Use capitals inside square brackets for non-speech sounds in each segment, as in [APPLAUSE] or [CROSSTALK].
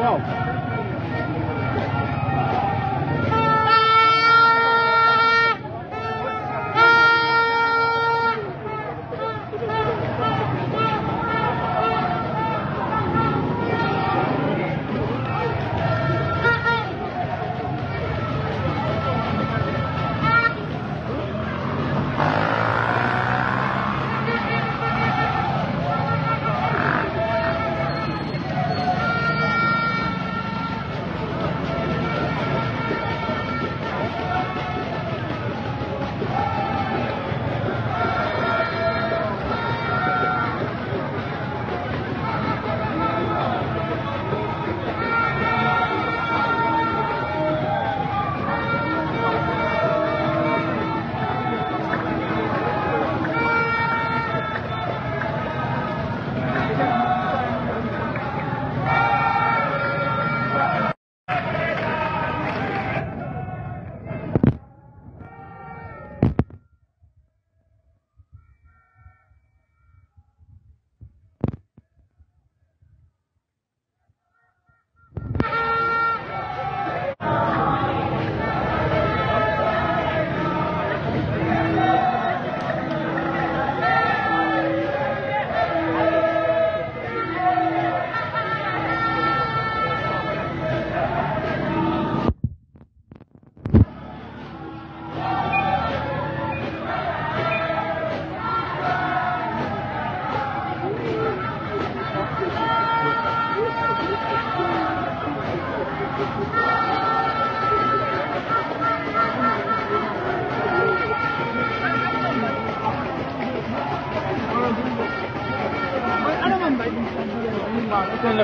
waaw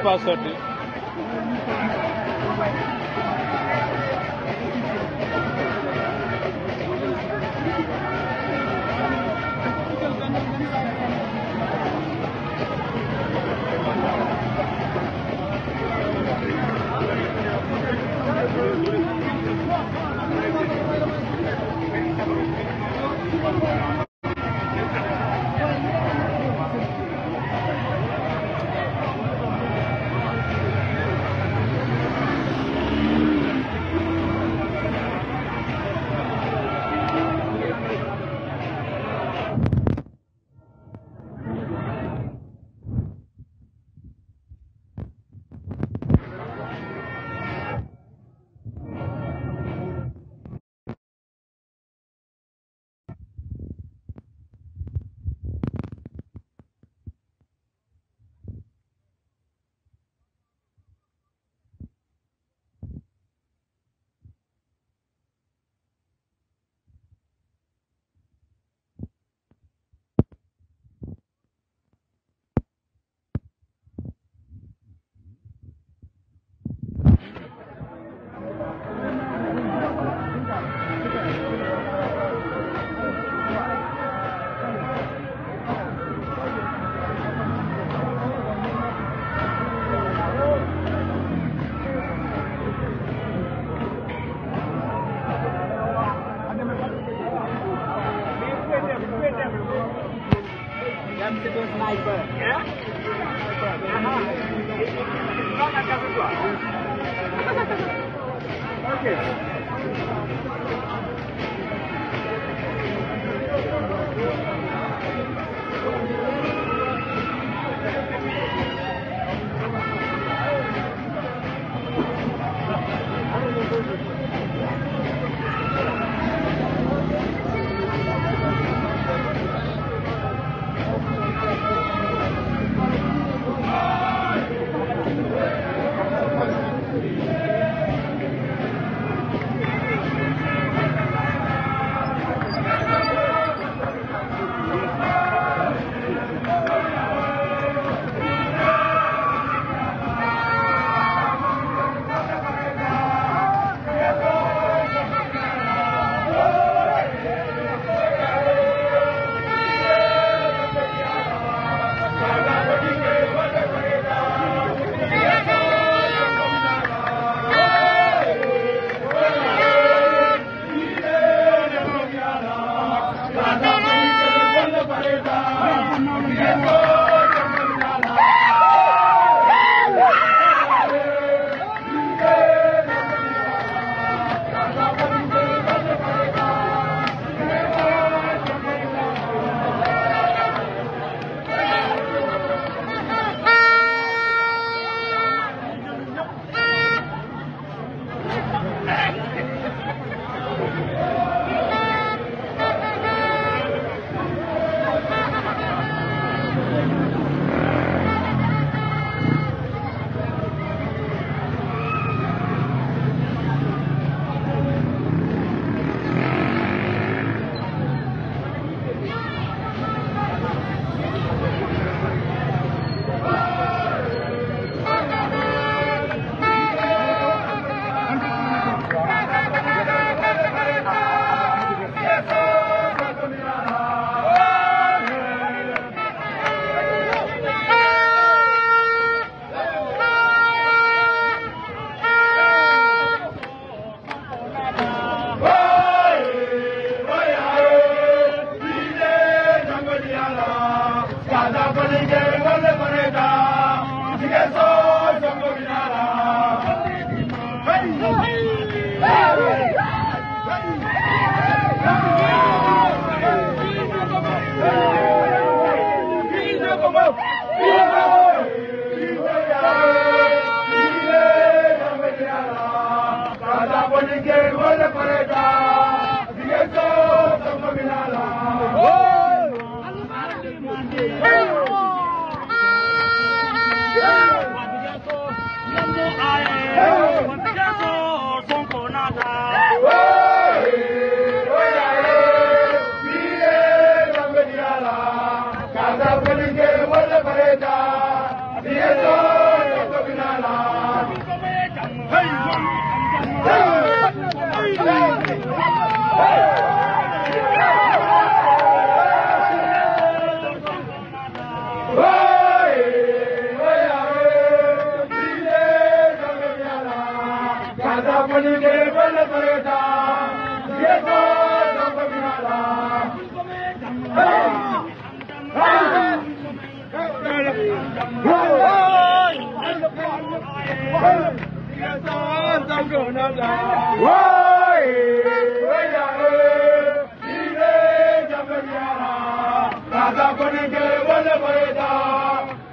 pas sorti sniper. Yeah? Uh-huh. It's not like a good one. okay.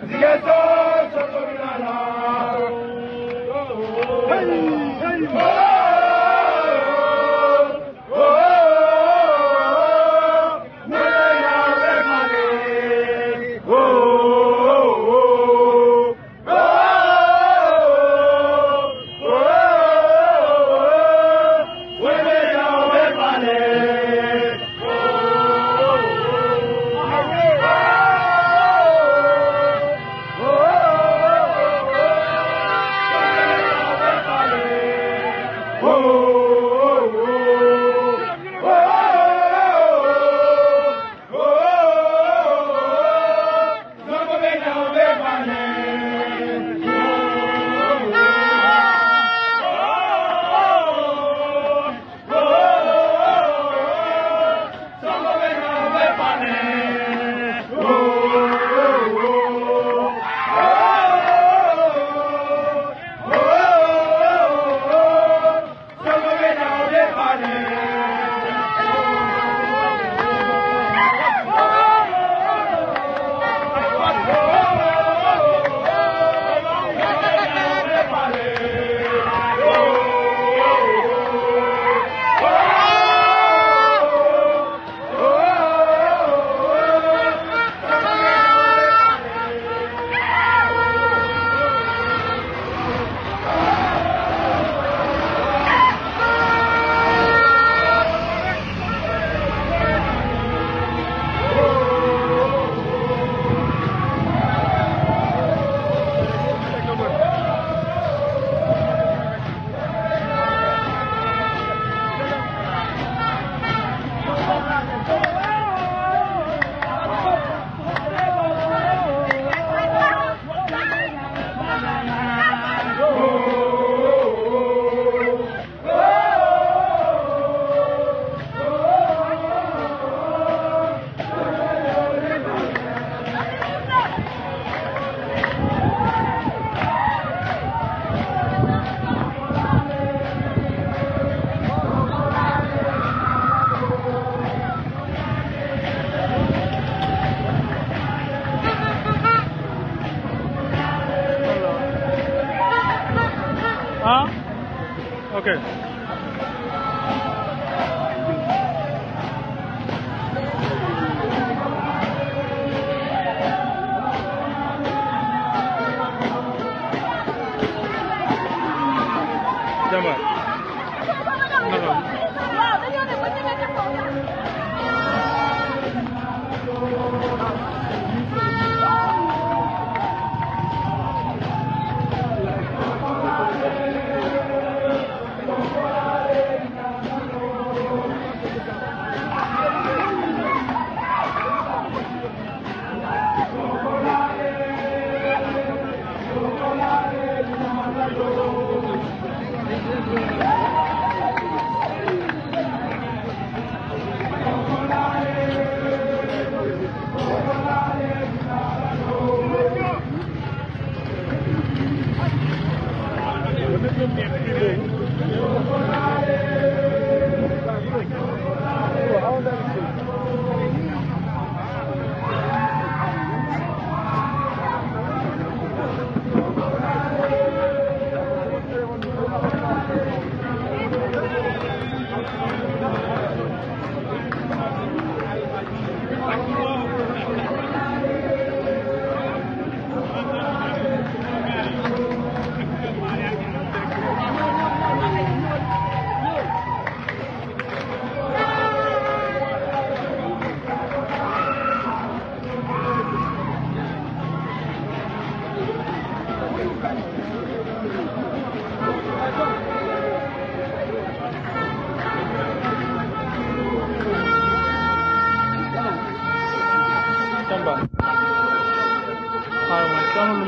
Yes, sir. vraiment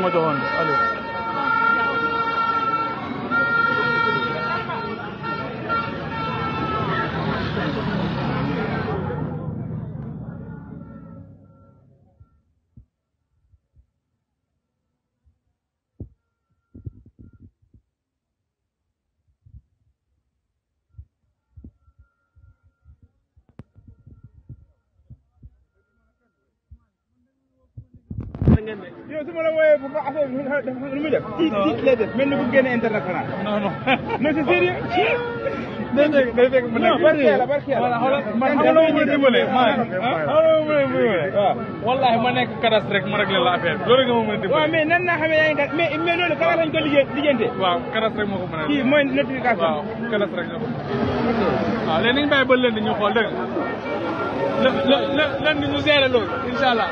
ma joxoon de Aliou yow su ma la wooyee bu ma affaire bi lu muy def. tiit tiit lay def mel ni bu génne international. non non non [LAUGHS] c'est sérieux. [LAUGHS] day fekk day fekk mu nekk barke yàlla barke yàlla. man xam nga ma dimbalee maa ngi waaw. wallaahi ma nekk kadas rek ma réglé la affaire loolu nga ma mën a dimbalee. waaw mais nan naa xamee yaa ngi kadas mais mais loolu kadas lañ ko liggéey liggéeyante. waaw kadas rek moo ko mën a. kii mooy notification. waaw kadas rek la ko. waaw léegi nañu bàyyi ba lënd ñu xool dégg nga. lë lë lënd ñu gérer loolu incha allah.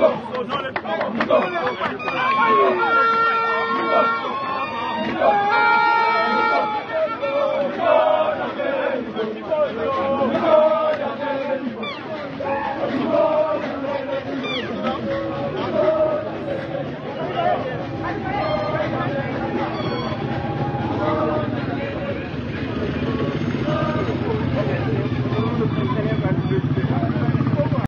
Thank you.